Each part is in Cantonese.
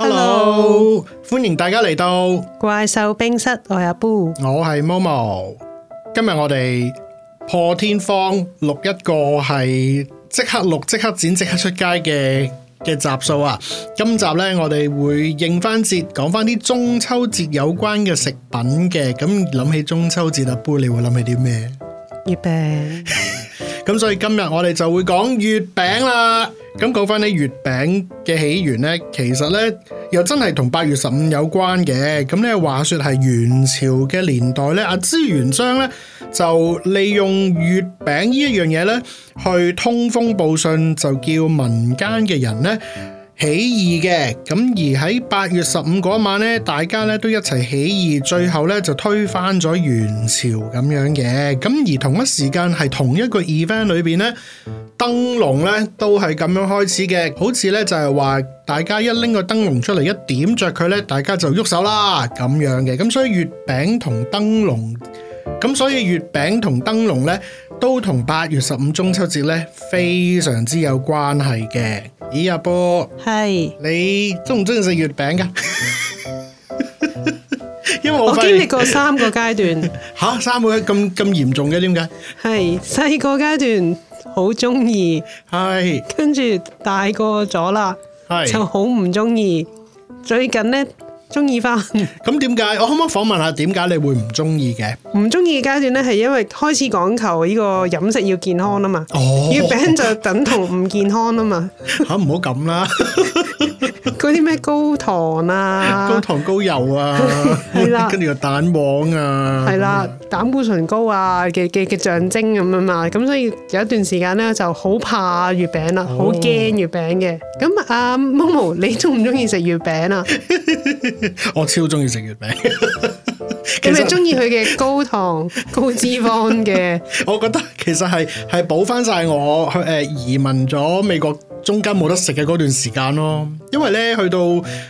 hello，, hello. 歡迎大家嚟到怪獸冰室我 Ar Boo，我係 Momo，今日我哋破天荒錄一個係即刻錄即刻剪即刻出街嘅嘅集數啊，今集呢，我哋會應翻節講翻啲中秋節有關嘅食品嘅，咁諗起中秋節啊，Ar Boo 你會諗起啲咩？月餅餅，咁 所以今日我哋就會講月餅啦。咁講翻呢月餅嘅起源呢，其實呢又真係同八月十五有關嘅。咁呢話說係元朝嘅年代呢，阿朱元璋呢就利用月餅呢一樣嘢呢去通風報信，就叫民間嘅人呢。起義嘅，咁而喺八月十五嗰晚咧，大家咧都一齊起，起義，最後咧就推翻咗元朝咁樣嘅。咁而同一時間係同一個 event 裏邊咧，燈籠咧都係咁樣開始嘅，好似咧就係話大家一拎個燈籠出嚟，一點着佢咧，大家就喐手啦咁樣嘅。咁所以月餅同燈籠，咁所以月餅同燈籠咧。都同八月十五中秋節呢非常之有關係嘅，咦阿波係，是你中唔中意食月餅㗎？ 因為我，我經歷過三個階段，吓、 啊、三個咁咁嚴重嘅，點解？係細個階段好中意，係跟住大個咗啦，係是就好唔中意，最近呢。中意翻，咁點解？我可唔可以訪問下點解你會唔中意嘅？唔中意嘅階段咧，係因為開始講求呢個飲食要健康啊嘛，月餅、哦、就等同唔健康啊嘛。吓、 啊，唔好咁啦。 嗰啲咩高糖啊，高糖高油啊，係啦，跟住個蛋黃啊，係啦，膽固醇高啊嘅嘅嘅象徵咁啊嘛，咁所以有一段時間咧就好怕月餅啦，好驚月餅嘅。咁阿 Momo，你中唔中意食月餅啊？我超中意食月餅，你咪中意佢嘅高糖高脂肪嘅。我覺得其實係係補翻晒我去誒移民咗美國。中間冇得食嘅嗰段時間咯，因為咧去到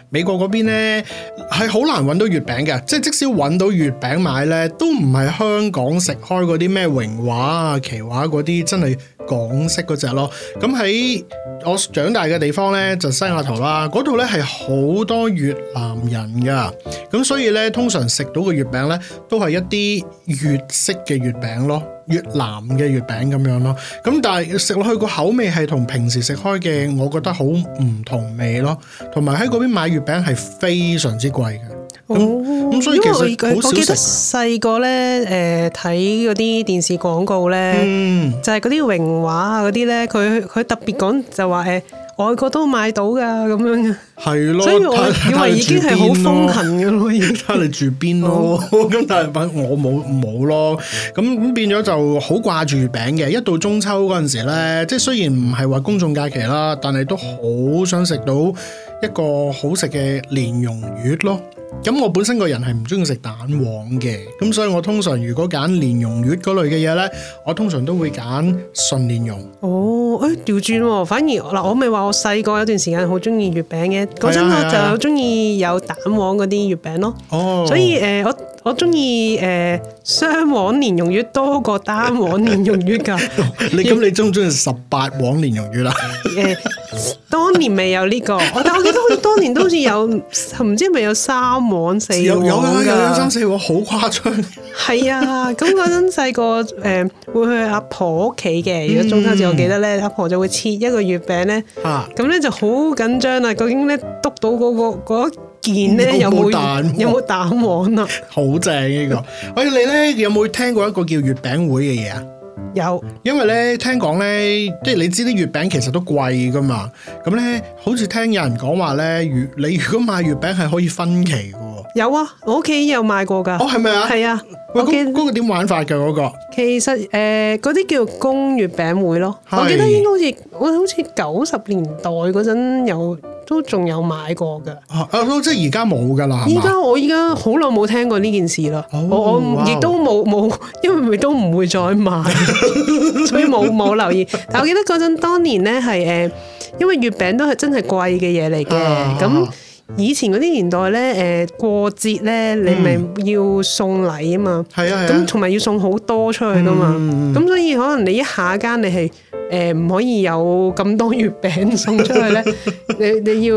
美國嗰邊咧係好難揾到月餅嘅，即係即使揾到月餅買咧，都唔係香港食開嗰啲咩榮華啊、奇華嗰啲，真係港式嗰隻咯。咁喺我長大嘅地方咧就是、西雅圖啦，嗰度咧係好多越南人噶，咁所以咧通常食到嘅月餅咧都係一啲粵式嘅月餅咯。越南嘅月餅咁樣咯，咁但係食落去個口味係同平時食開嘅，我覺得好唔同味咯。同埋喺嗰邊買月餅係非常之貴嘅，咁咁、哦嗯、所以其實好少食。我記得細個咧，誒睇嗰啲電視廣告咧、嗯，就係嗰啲榮華嗰啲咧，佢佢特別講就話誒。外國都買到噶，咁樣嘅。係咯的，所以我以為已經係好風行嘅咯。而家你住邊咯，咁但係我冇冇咯，咁咁變咗就好掛住餅嘅。一到中秋嗰陣時咧，即係雖然唔係話公眾假期啦，但係都好想食到一個好食嘅蓮蓉月咯。咁我本身個人係唔中意食蛋黃嘅，咁所以我通常如果揀蓮蓉月嗰類嘅嘢咧，我通常都會揀純蓮蓉。哦，誒調轉喎，反而嗱，我咪話我細個有段時間好中意月餅嘅，嗰陣我就中意有蛋黃嗰啲月餅咯。啊、以哦，所以誒我我中意誒雙黃蓮蓉月多過單黃蓮蓉月㗎。 你咁你中唔中意十八黃蓮蓉月啦？誒、 呃，當年未有呢、這個，但我記得好似當年都好似有，唔知係咪有三？網四網 有有有有。三四個好誇張，係 啊！咁嗰陣細個誒會去阿婆屋企嘅，如果中秋節我記得咧，嗯、阿婆就會切一個月餅咧，咁咧、啊、就好緊張啦！究竟咧篤到嗰、嗰個嗰件咧、嗯、有冇有冇蛋,蛋黃啊？好正呢個！ 喂，你咧有冇聽過一個叫月餅會嘅嘢啊？有，因為咧聽講咧，即係你知啲月餅其實都貴噶嘛，咁咧好似聽有人講話咧，月你如果買月餅係可以分期。有啊，我屋企有買過噶。哦，係咪啊？係啊，公公佢點玩法㗎嗰個？其實誒，嗰、呃、啲叫做公月餅會咯。我記得應該好似我好似九十年代嗰陣有都仲有買過㗎、啊啊。即係而家冇㗎啦。而家我而家好耐冇聽過呢件事啦。Oh, wow. 我我亦都冇冇，因為都唔會再買，所以冇冇留意。但我記得嗰陣當年咧係誒，因為月餅都係真係貴嘅嘢嚟嘅咁。以前嗰啲年代咧，誒過節咧，你咪要送禮啊嘛，咁同埋要送好多出去啊嘛，咁、嗯、所以可能你一下間你係誒唔可以有咁多月餅送出去咧，你 你要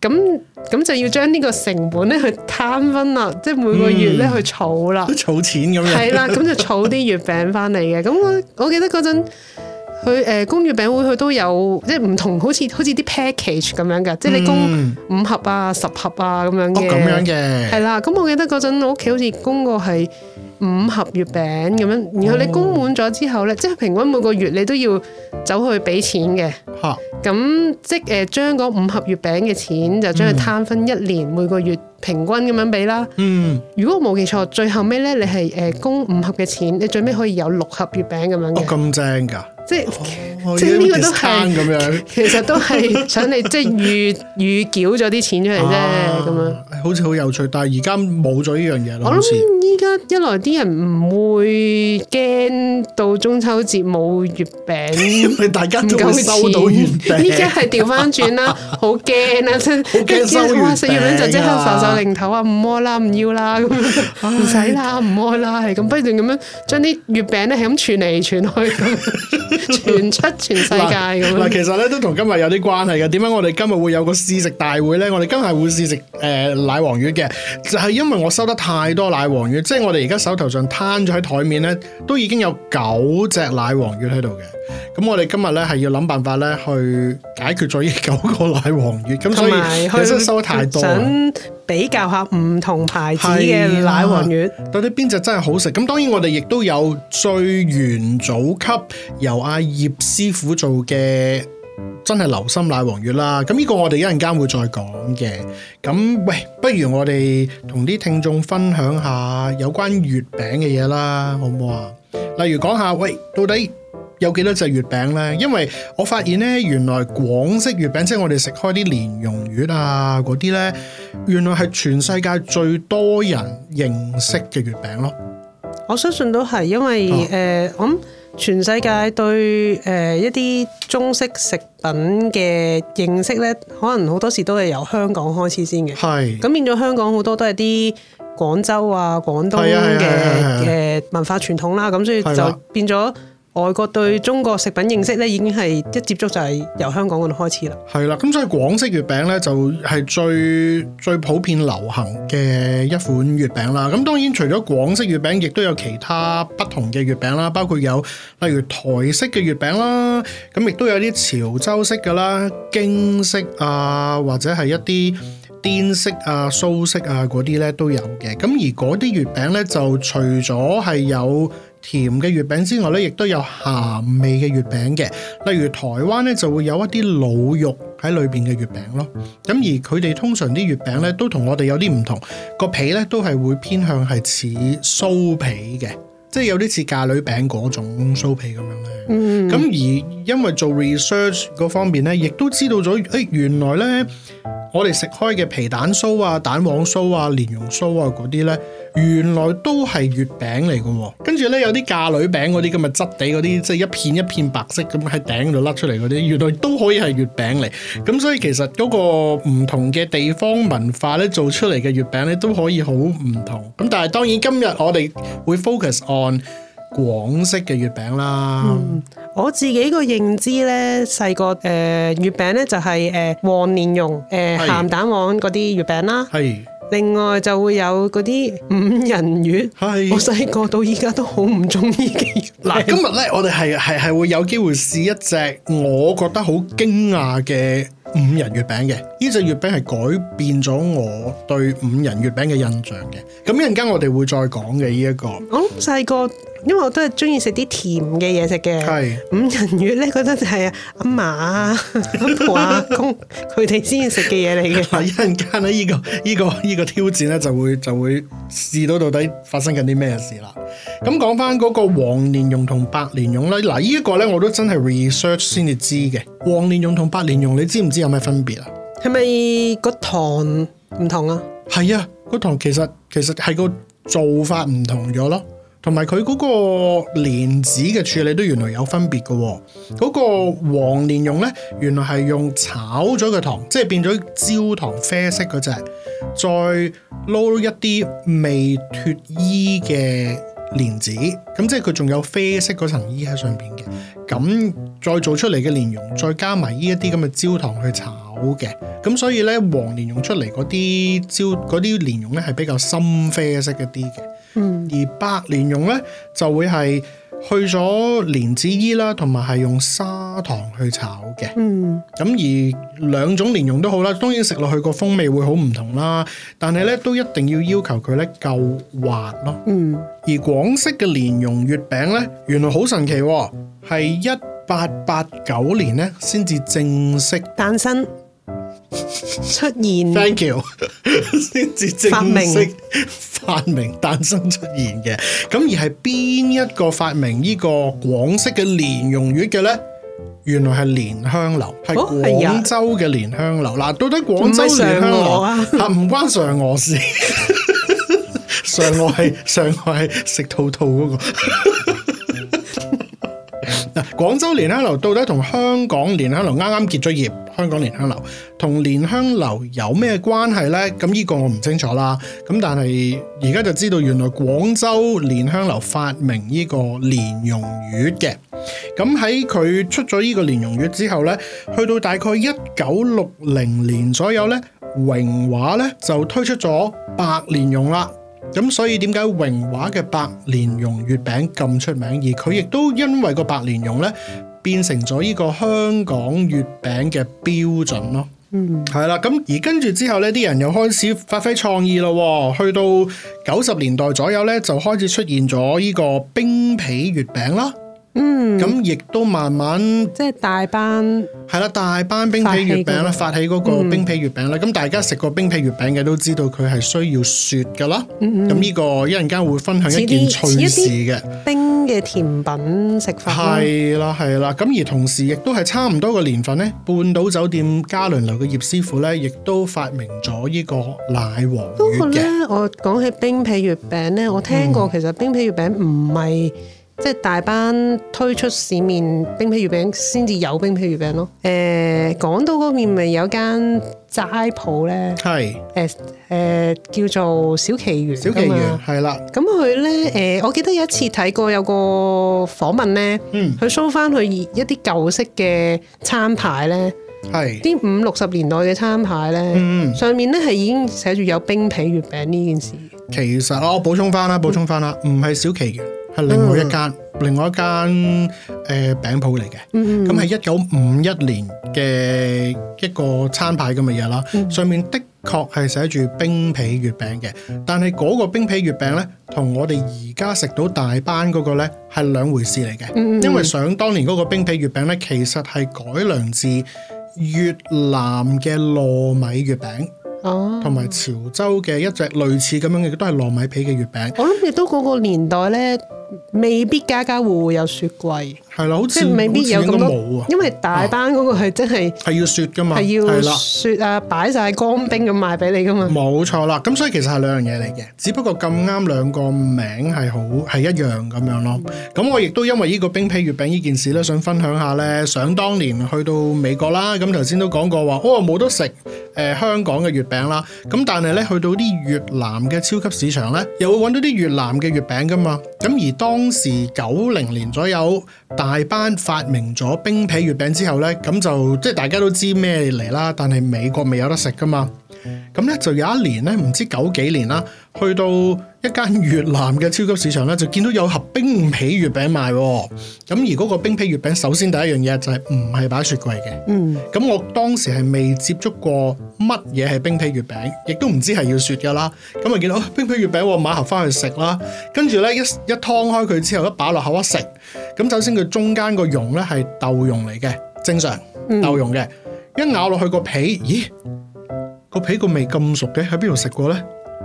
咁咁就要將呢個成本咧去攤分啦，即係每個月咧去儲、嗯、啦，儲錢咁樣，係啦，咁就儲啲月餅翻嚟嘅。咁我記得嗰陣。佢誒，供月餅會佢都有即係唔同，好似好似啲 package 咁樣嘅，即係你供五盒啊、十盒啊咁樣嘅。咁、哦、樣嘅係啦。咁我記得嗰陣我屋企好似供過係五盒月餅咁樣，然後你供滿咗之後咧，哦、即係平均每個月你都要走去俾錢嘅。嚇咁哈即係誒將嗰五盒月餅嘅錢就將佢攤分一年、嗯、每個月平均咁樣俾啦。嗯、如果我冇記錯，最後尾咧你係誒供五盒嘅錢，你最尾可以有六盒月餅咁樣。哦，咁正㗎。這。即係呢個都係，樣其實都係想你即係預預繳咗啲錢出嚟啫，咁、啊、樣。好似好有趣，但係而家冇咗呢樣嘢咯。我諗依家一來啲人唔會驚到中秋節冇月餅，因為大家都唔夠手到月餅。依家係調翻轉啦，好驚啊！好驚、 啊、哇！四月餅就即刻浮上收收零頭啊！唔摸啦，唔要啦，唔使啦，唔摸啦，係咁不斷咁樣將啲月餅咧係咁串嚟串去，咁傳 出。全世界咁。嗱，其實咧都同今日有啲關係嘅。點解我哋今日會有個試食大會咧？我哋今日會試食誒、呃、奶黃月嘅，就係、是、因為我收得太多奶黃月，即、就、係、是、我哋而家手頭上攤咗喺枱面咧，都已經有九隻奶黃月喺度嘅。咁我哋今日咧係要諗辦法咧去解決咗呢九個奶黃月。咁所以有啲收得太多。比較下唔同牌子嘅奶黃月，啊、到底邊隻真係好食？咁當然我哋亦都有最元祖級由阿葉師傅做嘅真係流心奶黃月啦。咁呢個我哋一陣間會再講嘅。咁喂，不如我哋同啲聽眾分享下有關月餅嘅嘢啦，好唔好啊？例如講下喂，到底。有幾多隻月餅呢？因為我發現呢，原來廣式月餅，即、就、係、是、我哋食開啲蓮蓉月啊嗰啲呢，原來係全世界最多人認識嘅月餅咯。我相信都係因為誒、哦呃，我諗全世界對誒、哦呃、一啲中式食品嘅認識呢，可能好多時都係由香港開始先嘅。係咁是變咗香港好多都係啲廣州啊、廣東嘅誒、啊啊啊啊啊、文化傳統啦、啊，咁所以就變咗。外國對中國食品認識咧，已經係一接觸就係由香港度開始啦。係啦，咁所以廣式月餅咧就係最最普遍流行嘅一款月餅啦。咁當然除咗廣式月餅，亦都有其他不同嘅月餅啦，包括有例如台式嘅月餅啦，咁亦都有啲潮州式嘅啦、京式啊，或者係一啲滇式啊、蘇式啊嗰啲咧都有嘅。咁而嗰啲月餅咧就除咗係有。甜嘅月餅之外咧，亦都有鹹味嘅月餅嘅，例如台灣咧就會有一啲鹵肉喺裏邊嘅月餅咯。咁而佢哋通常啲月餅咧都同我哋有啲唔同，個皮咧都係會偏向係似酥皮嘅。即係有啲似嫁女餅嗰種酥皮咁樣咧，咁、嗯、而因為做 research 嗰方面咧，亦都知道咗，誒、欸、原來咧我哋食開嘅皮蛋酥啊、蛋黃酥啊、蓮蓉酥啊啲咧，原來都係月餅嚟嘅。跟住咧有啲嫁女餅嗰啲咁嘅質地嗰啲，即、就、係、是、一片一片白色咁喺頂度甩出嚟嗰啲，原來都可以係月餅嚟。咁所以其實嗰個唔同嘅地方文化咧，做出嚟嘅月餅咧都可以好唔同。咁但係當然今日我哋會 focus on。按廣式嘅月餅啦，嗯、我自己個認知呢，細個誒月餅呢就係、係、誒、呃、黃蓮蓉、誒、呃、鹹蛋黃嗰啲月餅啦。係是，另外就會有嗰啲五仁是月。係，我細個到依家都好唔中意嘅。嗱，今日呢，我哋係係係會有機會試一隻，我覺得好驚訝嘅，五仁月餅嘅，呢隻月餅係改變咗我對五仁月餅嘅印象嘅，咁一陣間我哋會再講嘅呢一個。我細個。因為我都係中意食啲甜嘅嘢食嘅，是五仁月咧，覺得就係阿嫲、 阿婆、阿公佢哋先食嘅嘢嚟嘅。 一陣間喺呢個呢、呢個呢、呢個呢個挑戰咧，就會就會試到到底發生緊啲咩事啦。咁講翻嗰個黃蓮蓉同白蓮蓉咧，嗱、呢、呢個咧我都真係 research 先至知嘅。黃蓮蓉同白蓮蓉，你知唔知有咩分別啊？係咪個糖唔同啊？係啊，個糖其實其實係個做法唔同咗咯。同埋佢嗰個蓮子嘅處理都原來有分別嘅、哦，嗰、嗰個黃蓮蓉咧原來係用炒咗嘅糖，即係變咗焦糖啡色嗰隻，再撈一啲未脫衣嘅蓮子，咁即係佢仲有啡色嗰層衣喺上邊嘅，咁再做出嚟嘅蓮蓉，再加埋呢一啲咁嘅焦糖去炒。好嘅，咁所以咧，黃蓮蓉出嚟嗰啲焦啲蓮蓉咧係比較深啡色一啲嘅，嗯，而白蓮蓉咧就會係去咗蓮子衣啦，同埋係用砂糖去炒嘅，嗯，咁而兩種蓮蓉都好啦，當然食落去個風味會好唔同啦，但係咧都一定要要求佢咧夠滑咯，嗯，而廣式嘅蓮蓉月餅咧原來好神奇，哦，係一八八九年咧先至正式誕生。出現，Thank you，先 至正式發明誕生出現嘅，咁而係邊一個發明呢個廣式嘅蓮蓉月嘅呢？原來係蓮香樓，係廣、哦、州嘅蓮香樓。嗱、哎呀啊，到底廣州嘅蓮香樓啊？唔、啊、關嫦娥事， 嫦娥係嫦娥係食兔兔嗰個。 嗱，廣州蓮香樓到底同香港蓮香樓啱啱結咗業，香港蓮香樓同蓮香樓有咩關係呢？咁呢個我唔清楚啦。咁但係而家就知道，原來廣州蓮香樓發明呢個蓮蓉月嘅。咁喺佢出咗呢個蓮蓉月之後呢，去到大概一九六零年左右呢，榮華呢就推出咗白蓮蓉啦。咁所以點解榮華嘅白蓮蓉月餅咁出名？而佢亦都因為個白蓮蓉咧，變成咗依個香港月餅嘅標準咯。嗯，係啦。咁而跟住之後咧，啲人又開始發揮創意咯。去到九十年代左右咧，就開始出現咗依個冰皮月餅啦。嗯，咁亦都慢慢即係大班係啦，大班冰皮月餅啦，發起嗰個冰皮月餅啦。咁、嗯、大家食過冰皮月餅嘅都知道，佢係需要雪噶啦。咁呢、嗯嗯、個一陣間會分享一件趣事嘅冰嘅甜品食法。係啦，係啦。咁而同時亦都係差唔多個年份呢，半島酒店嘉麟樓嘅葉師傅呢，亦都發明咗呢個奶黃月嘅。我講起冰皮月餅呢，我聽過其實冰皮月餅唔係。即係大班推出市面冰皮月餅，先至有冰皮月餅咯。誒、呃，港島嗰邊咪有間齋鋪咧？係誒誒，叫做小奇緣。小奇緣係啦。咁佢咧誒，我記得有一次睇過有個訪問咧，佢搜翻佢一啲舊式嘅餐牌咧，係啲五六十年代嘅餐牌咧，嗯、上面咧係已經寫住有冰皮月餅呢件事。其實我補充翻啦，補充翻啦，唔係小奇緣。係另外一間，嗯、另外一間誒、呃、餅鋪嚟嘅。咁係一九五一年嘅一個餐牌咁嘅嘢啦。嗯、上面的確係寫住冰皮月餅嘅，但係嗰個冰皮月餅咧，同我哋而家食到大班嗰個咧係兩回事嚟嘅。嗯嗯、因為想當年嗰個冰皮月餅咧，其實係改良自越南嘅糯米月餅，哦，同埋潮州嘅一隻類似咁樣嘅，都係糯米皮嘅月餅。我諗亦都嗰個年代咧。未必家家戶戶有雪櫃，係啦，即係未必有咁多，因為大班嗰個係真係係、啊，要雪噶嘛，係要雪啊，擺晒乾冰咁賣俾你噶嘛，冇錯啦。咁所以其實係兩樣嘢嚟嘅，只不過咁啱兩個名係好係一樣咁樣咯。咁、嗯、我亦都因為呢個冰皮月餅呢件事咧，想分享下咧。想當年去到美國啦，咁頭先都講過話，哦，冇得食誒、呃、香港嘅月餅啦。咁但係咧，去到啲越南嘅超級市場咧，又會搵到啲越南嘅月餅噶嘛。咁而當時九零年左右，大班發明咗冰皮月餅之後咧，咁就即係大家都知咩嚟啦。但係美國未有得食㗎嘛，咁咧就有一年咧，唔知九幾年啦，去到。一間越南嘅超級市場咧，就見到有盒冰皮月餅賣，哦。咁而嗰個冰皮月餅，首先第一樣嘢就係唔係擺雪櫃嘅。嗯。咁我當時係未接觸過乜嘢係冰皮月餅，亦都唔知係要雪噶啦。咁啊見到冰皮月餅我買盒翻去食啦，跟住咧一一劏開佢之後，一擺落口一食。咁首先佢中間個蓉咧係豆蓉嚟嘅，正常、嗯、豆蓉嘅。一咬落去個皮，咦個皮個味咁熟嘅，喺邊度食過呢？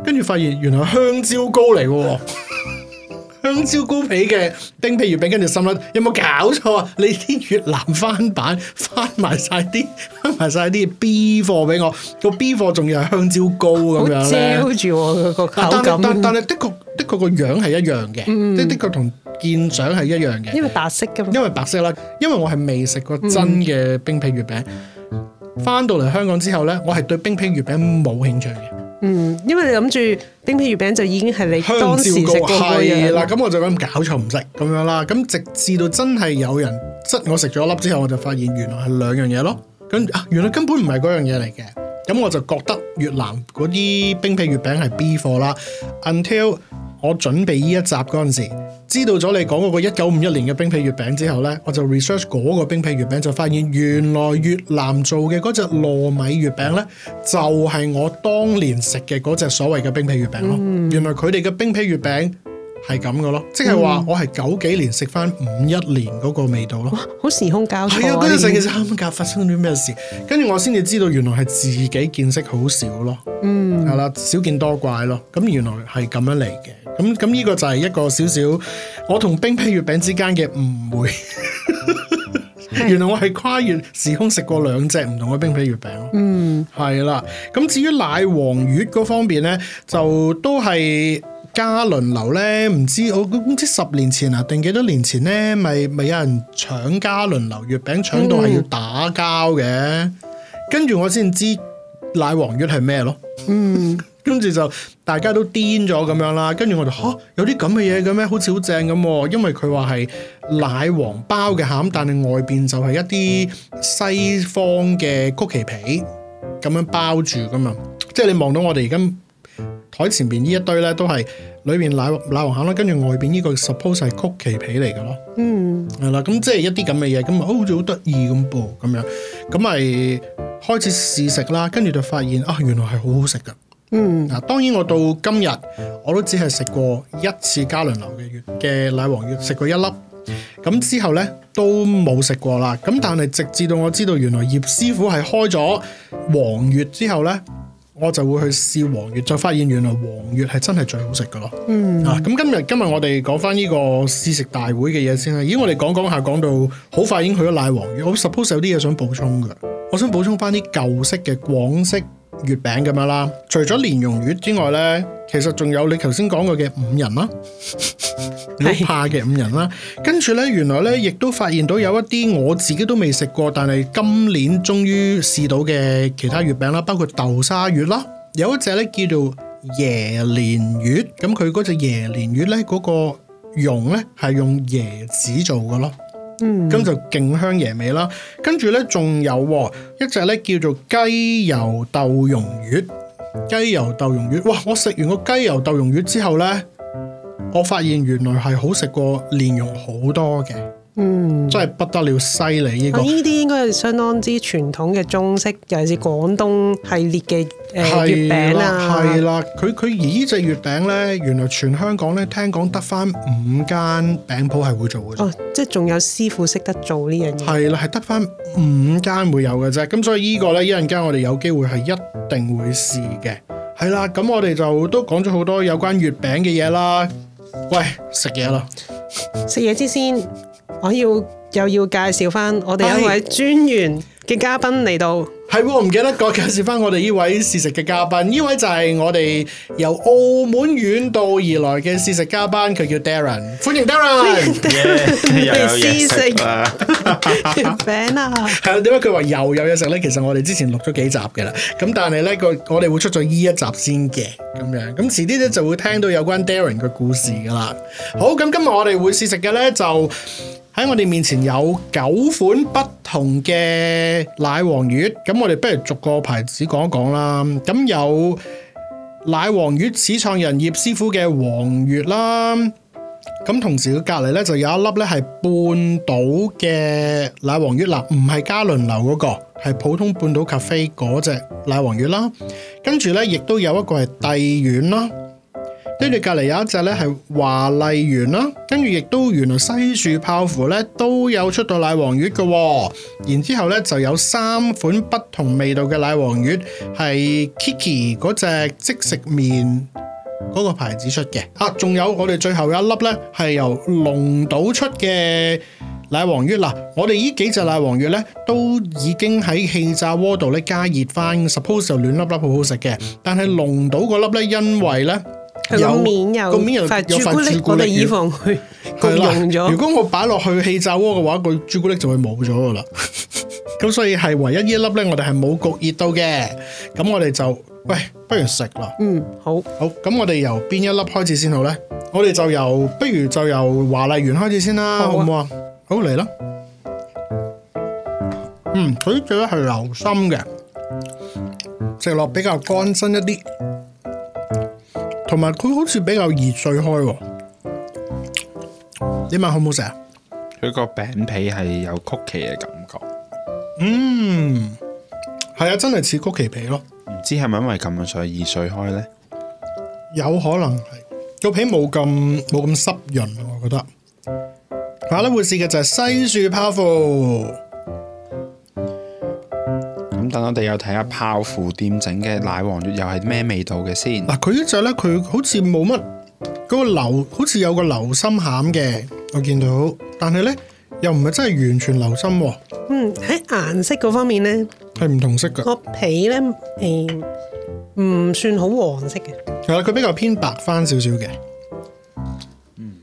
跟住發現原來香蕉糕嚟嘅，香蕉糕皮嘅冰皮月餅，跟住心諗有冇搞錯啊？你啲越南翻版翻埋晒啲，翻埋晒啲 B 貨俾我，個 B 貨仲要係香蕉糕咁樣咧、那個啊。但但但係的確的確個樣係一樣嘅，嗯、的的確同見相係一樣嘅，因為白色嘛。因為白色啦，因為我係未食過真嘅冰皮月餅，翻、嗯、到嚟香港之後咧，我係對冰皮月餅冇興趣嘅。嗯，因為你諗住冰皮月餅就已經係你當時食嘅係啦，咁我就咁搞錯唔食咁樣啦。咁直至到真係有人質我食咗粒之後，我就發現原來係兩樣嘢咯。跟、啊、原來根本唔係嗰樣嘢嚟嘅，咁我就覺得越南嗰啲冰皮月餅係 B 貨啦。Until 我準備呢一集嗰陣時，知道咗你講嗰個一九五一年嘅冰皮月餅之後呢，我就 research 嗰個冰皮月餅，就發現原來越南做嘅嗰隻糯米月餅呢，就係我當年食嘅嗰隻所謂嘅冰皮月餅咯。原來佢哋嘅冰皮月餅。嗯係咁嘅咯，即係話我係九幾年食翻五一年嗰個味道咯，好時空交錯。係啊，嗰陣時其實啱啱發生咗啲咩事，跟住我先至知道原來係自己見識好少咯。嗯，係啦，少見多怪咯。咁原來係咁樣嚟嘅。咁咁呢個就係一個少少我同冰皮月餅之間嘅誤會。 原來我係跨越時空食過兩隻唔同嘅冰皮月餅。嗯，係啦。咁至於奶黃月嗰方面呢，就都係。家輪流咧，唔知我唔知十年前啊，定幾多年前咧，咪咪有人搶嘉麟樓月餅，搶到係要打交嘅。跟住、嗯、我先知奶黃月係咩咯。嗯，跟住就大家都癲咗咁樣啦。跟住我就嚇、啊，有啲咁嘅嘢嘅咩？好似好正咁，啊，因為佢話係奶黃包嘅餡，但係外邊就係一啲西方嘅曲奇皮咁樣包住噶嘛。即係你望到我哋而家。台前面呢一堆咧都係裏面奶奶黃餡啦，跟住外邊呢個 suppose 係曲奇皮嚟嘅咯。嗯，係啦，咁即係一啲咁嘅嘢，咁好似好得意咁噃，咁樣咁咪開始試食啦，跟住就發現啊，原來係好好食嘅。嗯，嗱、啊，當然我到今日我都只係食過一次嘉麟樓嘅月嘅奶黃月，食過一粒，咁之後咧都冇食過啦。咁但係直至到我知道原來葉師傅係開咗黃月之後咧。我就會去試黃月，就發現原來黃月係真係最好食噶咯。嗯，啊、咁、今日今日我哋講翻呢個試食大會嘅嘢先啦。咦，我哋講講下講到好快已經去咗奶黃月，我 suppose 有啲嘢想補充噶，我想補充翻啲舊式嘅廣式。月餅咁樣啦，除咗蓮蓉月之外咧，其實仲有你頭先講過嘅五仁啦，好 怕嘅五仁啦， 跟住咧原來咧亦都發現到有一啲我自己都未食過，但係今年終於試到嘅其他月餅啦，包括豆沙月啦，有一隻咧叫做椰蓮月，咁佢嗰隻椰蓮月咧嗰個蓉咧係用椰子做嘅咯。咁就勁香椰味啦，跟住咧仲有、哦、一隻咧叫做雞油豆蓉月，雞油豆蓉月，哇！我食完個雞油豆蓉月之後咧，我發現原來係好食過蓮蓉好多嘅。嗯，真係不得了，犀利呢個！呢啲、啊、應該係相當之傳統嘅中式，尤其是廣東系列嘅誒、呃、的月餅啊。係啦，佢佢而呢隻月餅咧，原來全香港咧聽講得返五間餅鋪係會做嘅。哦，即係仲有師傅識得做呢樣嘢。係啦，係得返五間會有嘅啫。咁所以個呢個咧，一陣間我哋有機會係一定會試嘅。係啦，咁我哋就都講咗好多有關月餅嘅嘢啦。喂，食嘢啦，食嘢之先。我要又要介紹翻我哋一位專員。嘅嘉賓嚟到，係唔記得講，介紹翻我哋呢位試食嘅嘉賓，呢 位就係我哋由澳門遠道而來嘅試食嘉賓，佢叫 Darren，歡迎 Darren，嚟試食，阿餅 Yeah, 啊，係點解佢話又有嘢食呢？其實我哋之前錄咗幾集嘅啦，咁但係呢個我哋會出咗呢一集先嘅，咁樣咁遲啲咧就會聽到有關 Darren 嘅故事噶啦。好，咁今日我哋會試食嘅呢，就喺我哋面前面有九款不。同嘅奶黃月，咁我哋不如逐個牌子講一講啦。咁有奶黃月始創人葉師傅嘅黃月啦。咁同時佢隔離咧就有一粒咧係半島嘅奶黃月啦，唔係嘉麟樓嗰個，係普通半島咖啡嗰隻奶黃月啦。跟住咧亦都有一個係帝苑啦。跟住隔離有一隻咧係華麗園啦，跟住亦都原來西樹泡芙咧都有出到奶黃月嘅喎，哦，然之後咧就有三款不同味道嘅奶黃月係 Kiki 嗰隻即食麵嗰個牌子出嘅。啊，仲有我哋最後一粒咧係由龍島出嘅奶黃月嗱，我哋呢幾隻奶黃月咧都已經喺氣炸鍋度咧加熱返，suppose 又暖粒粒好好食嘅，但係龍島嗰粒咧因為咧。有面又個面又有朱古力，古力我哋以防佢溶咗。如果我擺落去氣炸鍋嘅話，個朱古力就會冇咗噶啦。咁 所以係唯一一粒咧，我哋係冇焗熱到嘅。咁我哋就喂，不如食啦。嗯，好，好。咁我哋由邊一粒開始先好咧？我哋就由，不如就由華麗園開始先啦，好唔好啊？好嚟啦。嗯，佢最係流心嘅，食落比較乾身一啲。同埋佢好似比較易碎開喎、哦，你問好唔好食啊？佢個餅皮係有曲奇嘅感覺，嗯，係啊，真係似曲奇皮咯。唔知係咪因為咁樣所以易碎開咧？有可能係，個皮冇咁冇咁濕潤、啊，我覺得。下一個會試嘅就係西樹泡芙。等我哋又睇下泡芙店整嘅奶黃月又係咩味道嘅先。嗱，佢呢隻咧，佢好似冇乜嗰個流，好似有個流心餡嘅，我見到。但係咧，又唔係真係完全流心。嗯，喺顏色嗰方面咧，係唔同色噶。個皮咧係唔算好黃色嘅。係啦，嗯，佢比較偏白翻少少嘅。呢，嗯，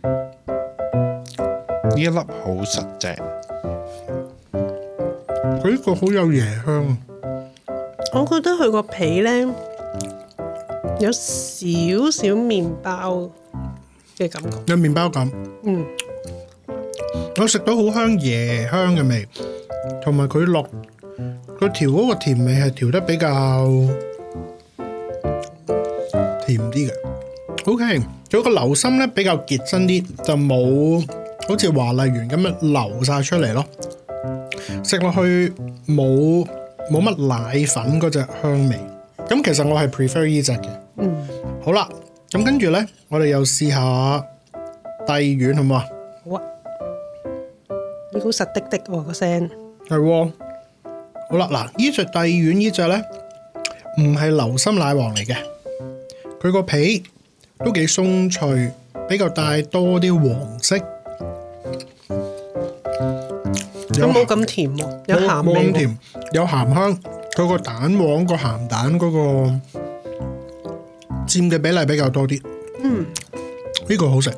一粒好實淨。佢，嗯，呢個好有椰香。我覺得佢個皮咧有少少麵包嘅感覺，有麵包感。嗯，我食到好香椰香嘅味，同埋佢落佢調嗰個甜味係調得比較甜啲嘅。OK，仲有個流心咧比較結身啲，就冇好似華麗園咁樣流晒出嚟咯。食落去冇。冇乜奶粉嗰隻香味，咁其實我係 prefer 呢隻嘅。嗯，好啦，咁跟住咧，我哋又試下帝苑好唔好啊？好啊，你好實啲啲個聲的的。係，好啦，嗱，隻丸隻呢隻帝苑呢隻咧，唔係流心奶黃嚟嘅，佢個皮都幾鬆脆，比較帶多啲黃色。有冇咁甜喎、啊，有鹹味、啊。冇咁甜，有鹹香。佢個蛋黃鹹蛋個鹹蛋嗰個占嘅比例比較多啲。嗯，呢個好食。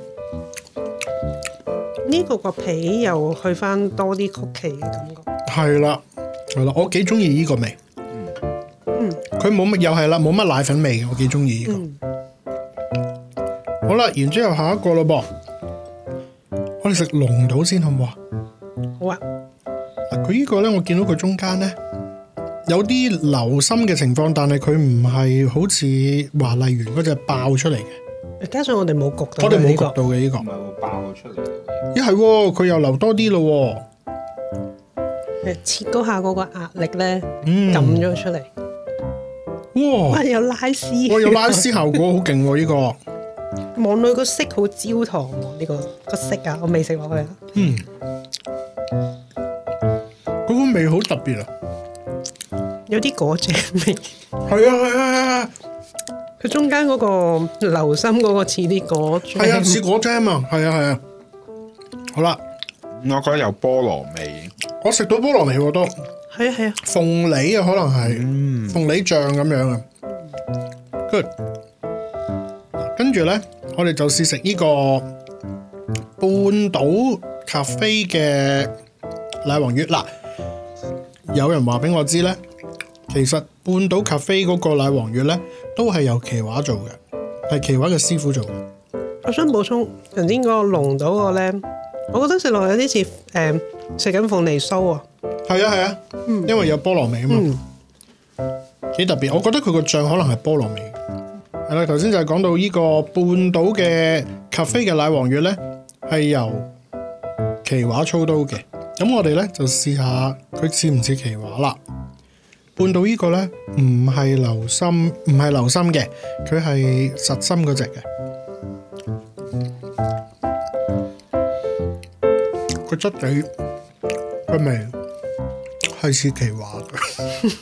呢個個皮又去翻多啲曲奇嘅感覺。係啦，係啦，我幾中意呢個味。嗯，佢冇乜，又係啦，冇乜奶粉味嘅，我幾中意呢個。嗯、好啦，然之後下一個咯噃，我哋食龍肚先，龍島先好唔好啊？佢呢個咧，我見到佢中間咧有啲流心嘅情況，但係佢唔係好似華麗園嗰隻爆出嚟嘅。加、嗯、上我哋冇焗到，這個 我哋冇焗到嘅呢個唔係會爆出嚟一係，佢又流多啲咯。誒，切嗰下嗰個壓力咧，撳咗出嚟。哇！有拉絲，哇！有拉絲 效果好勁，呢、啊這個望落、啊這個色好焦糖，呢個個色啊，我未食落去啊。嗯。味好特別啊！有啲果醬味，係啊係啊係啊！佢中間嗰個流心嗰個似啲果醬，係啊似果醬啊嘛，係啊係啊！好啦，我覺得有菠蘿味，我食到菠蘿味我都，係啊係啊！啊鳳梨啊可能係，嗯、鳳梨醬咁樣啊，跟住，跟住咧，我哋就試食呢個半島咖啡嘅奶黃月啦。有人話俾我知咧，其實半島咖啡 f 嗰個奶黃月咧，都係由奇畫做嘅，係奇畫嘅師傅做嘅。我想補充頭先嗰個龍島嗰、那個咧，我覺得食落有啲似誒食緊鳳梨酥啊。係啊係啊，因為有菠蘿味啊嘛，幾、嗯、特別。我覺得佢個醬可能係菠蘿味。係啦，頭先就係講到呢個半島嘅咖啡嘅奶黃月咧，係由奇畫操刀嘅。咁我哋咧就試下佢似唔似奇華啦。半島呢個咧唔係流心，唔係流心嘅，佢係實心嗰隻嘅。個質地，個味係似奇華嘅。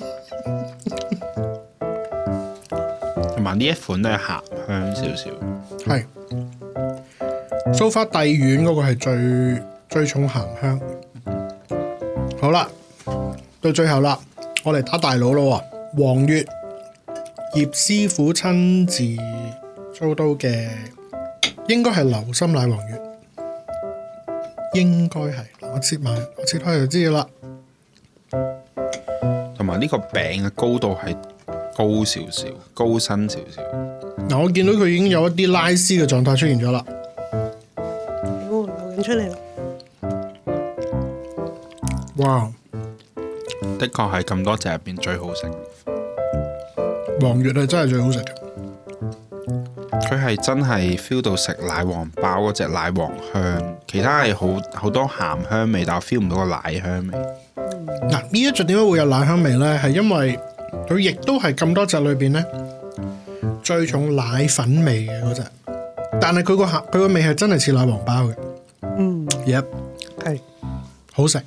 同埋呢一款咧係鹹香少少。係蘇花帝苑嗰個係最最重鹹香。好啦，到最後啦，我嚟打大佬咯。哦，黃月葉師傅親自做到嘅，應該係流心奶黃月，應該係，我切埋，我切開佢就知啦。同埋呢個餅嘅高度係高少少，高身少少。嗱、嗯，我見到佢已經有一啲拉絲嘅狀態出現咗啦。哦，流緊出嚟啦。哇，wow, 的確係咁多隻入邊最好食。黃月係真係最好食嘅，佢係真係 feel 到食奶黃包嗰隻奶黃香，其他係好好多鹹香味，但係我 feel 唔到個奶香味。嗱、嗯，呢一隻點解會有奶香味咧係因為佢亦都係咁多隻裏邊咧最重奶粉味嘅嗰隻，但係佢個鹹佢個味係真係似奶黃包嘅。嗯，吔 Yep, 是，係好食。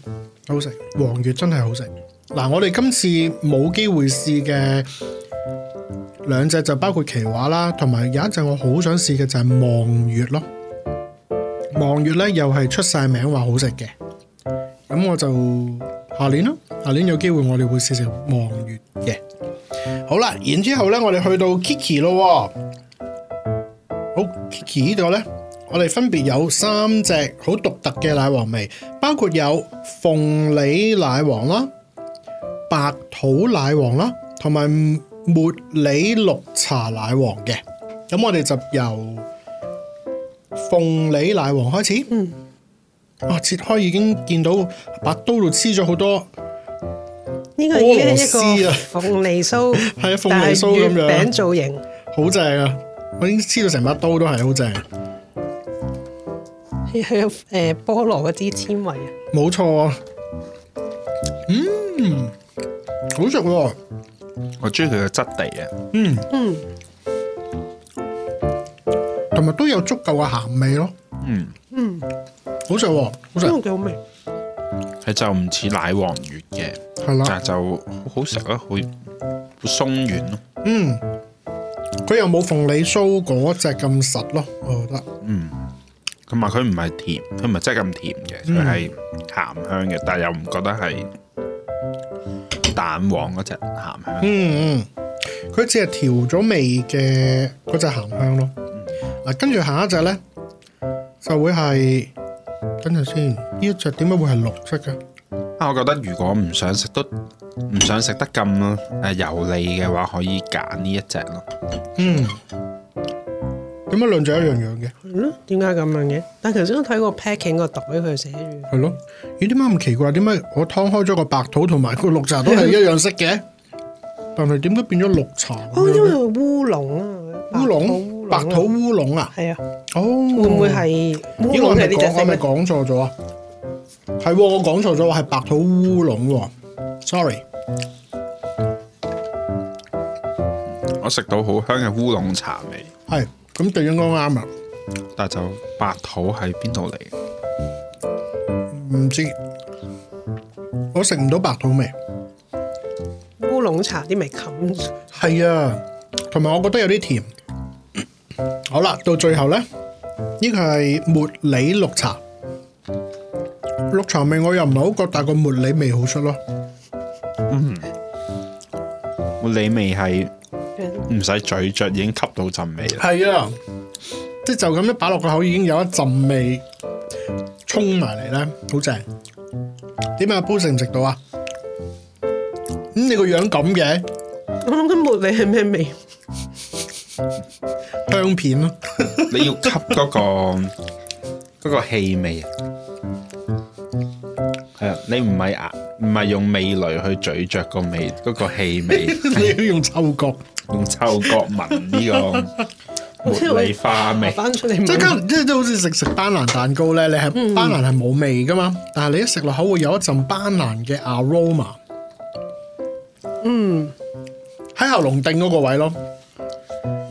好食，黃月真係好食。嗱，我哋今次冇機會試嘅兩隻就包括奇華啦，同埋有,有一隻我好想試嘅就係望月咯。望月咧又係出晒名話好食嘅，咁我就下年咯，下年有機會我哋會試食望月嘅。Yeah. 好啦，然之後咧我哋去到 Kiki 咯，好 Kiki 呢度咧，我哋分別有三隻好獨特嘅奶黃味。包括有鳳梨奶黃啦、白土奶黃啦，同埋茉莉綠茶奶黃嘅。咁我哋就由鳳梨奶黃開始。嗯，啊、哦，切開已經見到把刀度黐咗好多。呢個已經係一個鳳梨酥，係啊，鳳 梨酥咁樣餅造型， 嗯、好正啊！我已經黐到成把刀都係好正。係喺、呃、菠蘿嗰啲纖維啊，冇錯啊，嗯，好食喎、啊，我中意佢嘅質地啊，嗯嗯，同埋都有足夠嘅鹹味咯、啊，嗯嗯，嗯好食喎、啊，食吃！呢個幾好味，係就唔似奶黃月嘅，係啦的，但係就好好食咯、啊，好，好鬆軟咯、啊，嗯，佢又冇鳳梨酥嗰隻咁實咯、啊，我覺得，嗯。同埋佢唔係甜，佢唔係真係咁甜嘅，佢係鹹香嘅，嗯、但係又唔覺得係蛋黃嗰隻鹹香。嗯嗯，佢只係調咗味嘅嗰隻鹹香咯。嗯、啊，跟住下一隻咧就會係等陣先，呢一隻點解會係綠色㗎？啊，我覺得如果唔想食得，唔想食得咁誒油膩嘅話，可以揀呢一隻咯。嗯。點解兩樣一樣嘅？係咯，點解咁樣嘅？但係頭先我睇過 packing 個袋，佢係寫住。係咯，咦、哎？點解咁奇怪？點解我劏開咗個白桃同埋個綠茶都係一樣色嘅？ 但係點解變咗綠茶？哦、啊，因為烏龍啊。烏龍龍？白桃烏龍啊？係啊。啊哦，會唔會係？呢個我咪講，我咪講錯咗啊！係，我講錯咗，我係白桃烏龍喎。Sorry，我食到好香嘅烏龍茶味。係。咁就應該啱啦，但係就白桃喺邊度嚟？唔知道，我食唔到白桃味。烏龍茶啲味冚。係啊，同埋我覺得有啲甜。好啦，到最後呢，呢個係茉莉綠茶。綠茶味我又唔係好覺，但個茉莉味好出咯。嗯，茉莉味係。唔使咀嚼已經吸到陣味啦，係啊，即就咁一把落個口已經有一陣味衝埋嚟咧，好正。點解 Boo 食唔食到啊？咁、嗯、你個樣咁嘅，我諗緊茉莉係咩味？香片咯。你要吸嗰、嗰個嗰 個氣味，係、嗯、啊，你唔係啊。 唔係用味蕾去咀嚼個味，嗰 臭角、 嗰個氣味你要用嗅覺，用嗅覺聞呢個茉莉花味。即係即係即好似食食班蘭蛋糕咧，你係班蘭係冇味噶嘛，但係你一食落口會有一陣班蘭嘅 aroma。嗯，喺喉嚨定嗰個位咯。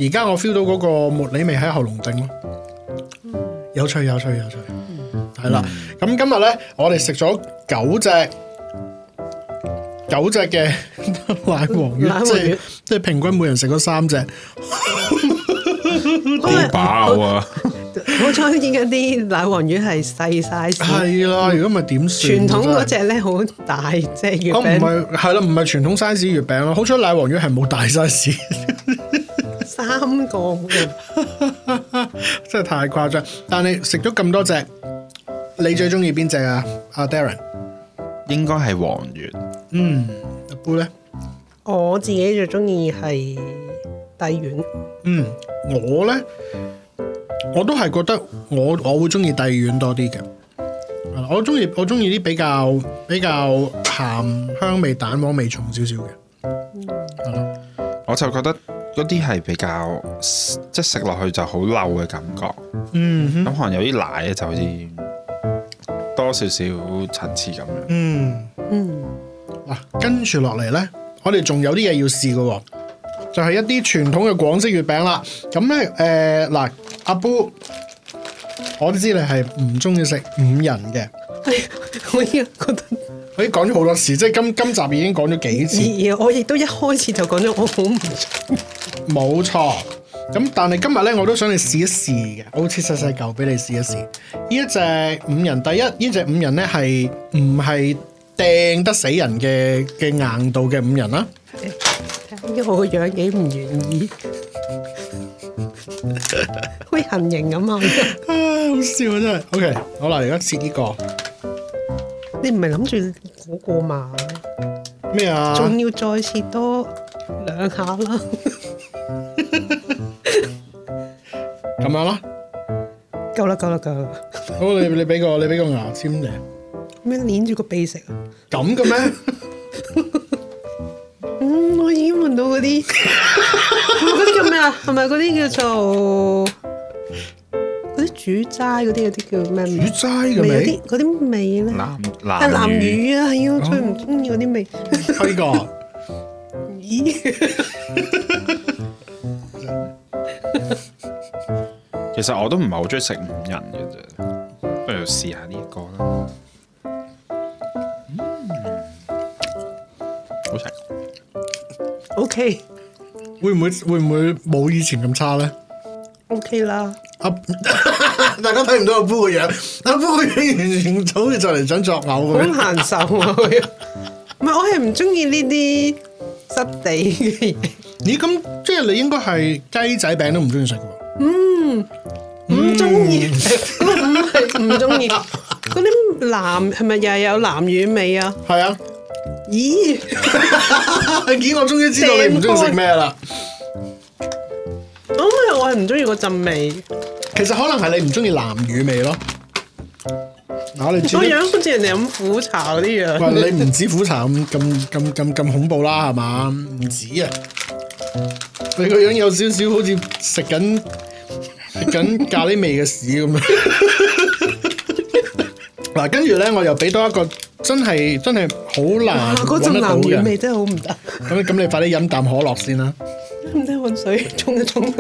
而家我 feel 到嗰個茉莉味喺喉嚨定咯。有趣有趣有趣。有趣有趣，嗯，係啦。咁今日咧，我哋食咗九隻。九隻嘅奶黃月，黃魚即係平均每人食咗三隻， 好飽啊！ 好彩依家啲奶黃月係細 size，係啦，如果唔係咪點算？傳統嗰隻咧好大，即係唔係，係啦，唔係傳統 size 月餅咯。好彩奶黃月係冇大 size，三個，真係太誇張。但係食咗咁多隻，你最中意邊隻啊？阿 Darren。應該係黃圓。嗯，一般咧，我自己就中意係帝苑。嗯，我咧，我都係覺得我我會中意帝苑多啲嘅。係啦，我中意我中意啲比較比較鹹、香味、蛋黃味重少少嘅。係咯、嗯，嗯、我就覺得嗰啲係比較即食落去就好嬲嘅感覺。嗯哼，咁可能有啲奶啊，就好似。多少少層次咁樣，嗯嗯，嗱，跟住落嚟咧，我哋仲有啲嘢要試噶、哦，就係、是、一啲傳統嘅廣式月餅啦。咁咧，誒、呃、嗱，阿 Bo，我知你係唔中意食五仁嘅、哎，我已依覺得，我已依講咗好多次，即係今今集已經講咗幾次， 我亦都一開始就講咗，我好唔錯，冇錯。 咁、嗯、但係今日咧，我都想你試一試嘅，我切細細嚿俾你試一試。呢一隻五仁第一，呢隻五仁咧係唔係掟得死人嘅嘅硬度嘅五仁啊？睇下？依、欸這個樣幾唔願意，好似隱形啊嘛？啊，好笑啊真係。OK，好啦，而家切呢、這個。你唔係諗住嗰個嘛？咩啊？仲要再切多兩下啦。 咁樣啦，夠啦夠啦夠啦！好，你你俾個你俾個牙籤嚟，咩捻住個鼻食啊？咁嘅咩？嗯，我已經聞到嗰啲嗰啲叫咩啊？係咪嗰啲叫做嗰啲煮齋嗰啲嗰啲叫咩？煮齋嘅味嗰啲嗰啲味咧？南南乳啊，最唔中意嗰啲味。係噶。其實我都唔係好中意食五仁嘅啫，不如試下呢一個啦、嗯。好食。O Okay . K。會唔會會唔會冇以前咁差咧？O K 啦。阿、okay 了，啊、 大家睇唔到 Ar Boo 嘅樣，Ar Boo 嘅樣完全早就好似就嚟想作嘔咁。好難受啊！唔係， 我係唔中意呢啲質地嘅。咦？咁即係你應該係雞仔餅都唔中意食嘅。嗯，唔中意，咁唔係唔中意。嗰啲南係咪又有南乳味啊？係啊。咦？件我終於知道你唔中意食咩啦。咁啊、 哦，我係唔中意嗰陣味。其實可能係你唔中意南乳味咯。嗱，你，個樣好似人哋飲苦茶嗰啲樣。 喂，你唔止苦茶咁咁咁咁咁恐怖啦，係嘛？唔止啊！你個樣有少少好似食緊食緊咖喱味嘅屎咁樣，嗱，跟住咧，我又俾多一個真係真係好難搵得到嘅。嗰雲南原味真係好唔得。咁 咁、啊， 你快啲飲啖可樂先啦。咁即係揾水沖一沖。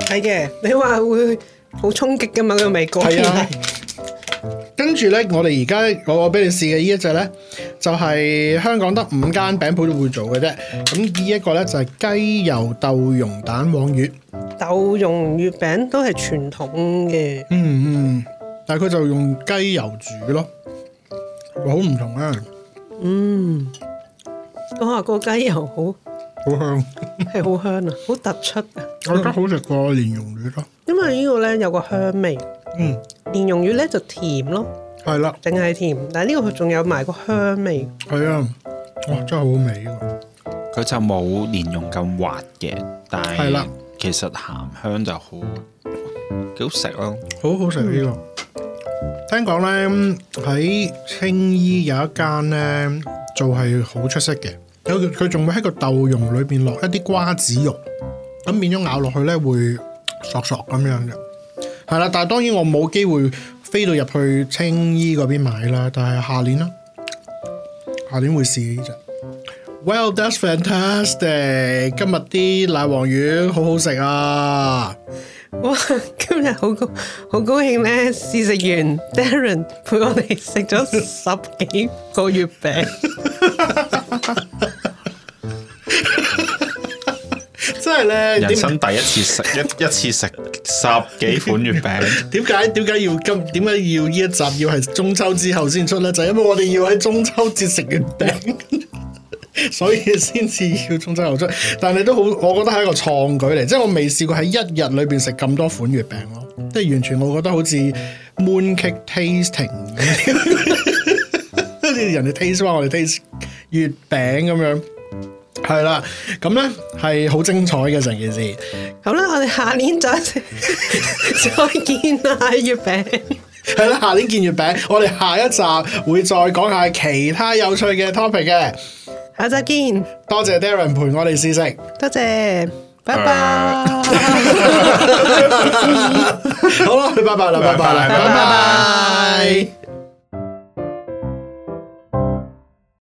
係嘅，你話會好衝擊噶嘛？這個味覺。係 啊。跟住咧，我哋而家我俾你試嘅呢一隻咧，就係、是、香港得五間餅鋪都會做嘅啫。咁呢一個咧就係、是、雞油豆蓉蛋黃月。豆蓉月餅都係傳統嘅，嗯嗯，但係佢就用雞油煮咯，好唔同啊，嗯，講話個雞油好好香，係好香啊，好突出啊，我覺得好食過蓮蓉月咯，因為呢個咧有個香味，嗯，蓮蓉月咧就甜咯，係啦，淨係甜，但係呢個佢仲有埋個香味，係啊，哇，真係好味，佢就冇蓮蓉咁滑嘅，但係，係啦。其實鹹香就好，好，幾好食咯，好好食呢個。聽講咧喺青衣有一間咧，就係好出色嘅，有佢仲會喺個豆蓉裏邊落一啲瓜子肉，咁變咗咬落去咧會索索咁樣嘅。係啦，但係當然我冇機會飛到入去青衣嗰邊買啦。但係下年啦，下年會試嘅。Well, that's fantastic！今日啲奶黃月好好食啊！哇，今日好高好高興咧！試食完，Darren 陪我哋食咗十幾個月餅， 真係咧的！人生第一次食 一一次食十幾款月餅，點解點解要今點解要呢一集要係中秋之後先出咧？就係，因為我哋要喺中秋節食月餅。 所以先至要中秋流出，但係都好，我覺得係一個創舉嚟，即係我未試過喺一日裏邊食咁多款月餅咯，即係完全我覺得好似 mooncake tasting，即係 人哋 taste 翻，我哋 taste 月餅咁樣，係啦，咁咧係好精彩嘅成件事，好啦，我哋下年再食， 再見啦月餅，係啦下年見月餅，我哋下一集會再講下其他有趣嘅 topic 嘅。下次見，多謝 Darren 陪我哋試食，多謝，拜拜。好啦，拜拜啦，拜拜啦，拜拜。